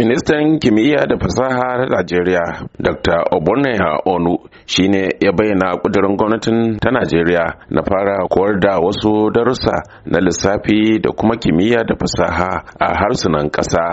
ministan kimiyya da fasaha na najeriya dr oboneha onu shine ya bayyana kudirin gwamnatin ta najeriya na fara koyar da wasu darussa na lissafi da kuma kimiyya da fasaha a harsunan ƙasa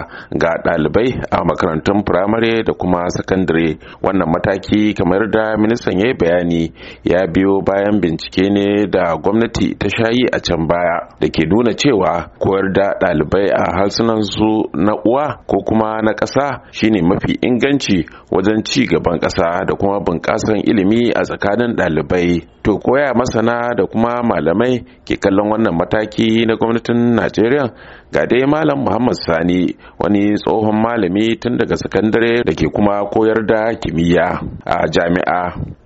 ga ɗalibai a makarantun firamare da kuma sakandare wannan mataki kamar da ministan ya yi bayani ya biyo bayan bincike ne da gwamnati ta shayi a can baya da ke nuna cewa koyar da ɗalibai a harsunan su na uwa ko kuma na ƙasa shine mafi inganci wajen ci gaban ƙasa da kuma bunƙasar ilimi a tsakanin ɗalibai to koya masana da kuma malamai ke kallon wannan mataki na gwamnatin najeriya ga dai malam muhammad sani wani tsohon malami tun daga sakandare da ke kuma koyar da kimiyya a jami'a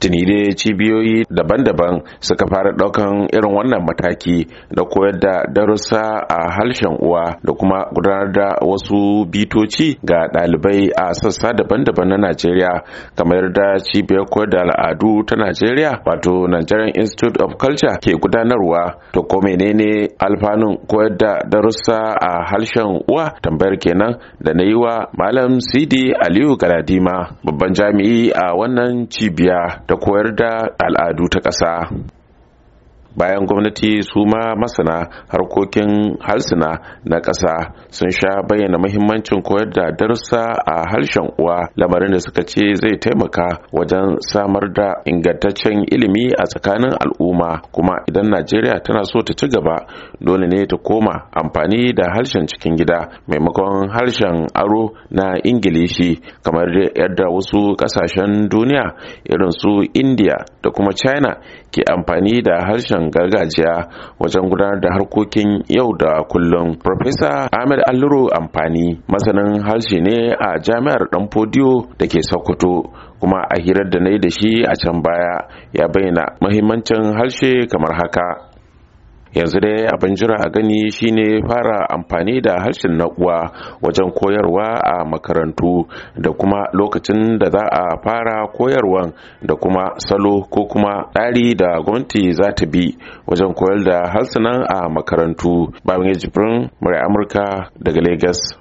tuni dai cibiyoyi daban-daban suka fara ɗaukan irin wannan mataki na koyar da darussa a harshen uwa da kuma gudanar da wasu bitoci ga ɗalibai a sassa daban-daban na najeriya kamar da cibiyar koyar da al'adu ta najeriya wato nigerian institute of culture ke gudanarwa to ko menene alfanun koyar da darussa a harshen uwa tambayar kenan da na yi wa malam sidi aliyu galadima babban jami'i a wannan cibiya da koyar da al'adu ta ƙasa bayan gwamnati su ma masana harkokin harsuna na ƙasa sun sha bayyana mahimmancin koyar da darussa a harshen uwa lamarin da suka ce zai taimaka wajen samar da ingantaccen ilimi a tsakanin al'umma kuma idan najeriya tana so ta ci gaba dole ne ta koma amfani da harshen cikin gida maimakon harshen aro na ingilishi kamar yadda wasu ƙasashen duniya irin su india da kuma china ke amfani da harshen gargajiya wajen gudanar da harkokin yau da kullum Profesa ahmed alluro amfani masanin harshe ne a jami'ar dan fodiyo da ke sokoto kuma a hirar da na yi da shi a can baya ya bayyana mahimmancin harshe kamar haka yanzu dai abin jira a gani shine fara amfani da harshen na uwa wajen koyarwa a makarantu da kuma lokacin da za a fara koyarwan da kuma salo ko kuma tsari da gwamnati za ta bi wajen koyar da harsunan a makarantu babin jibrin murai amurka daga lagos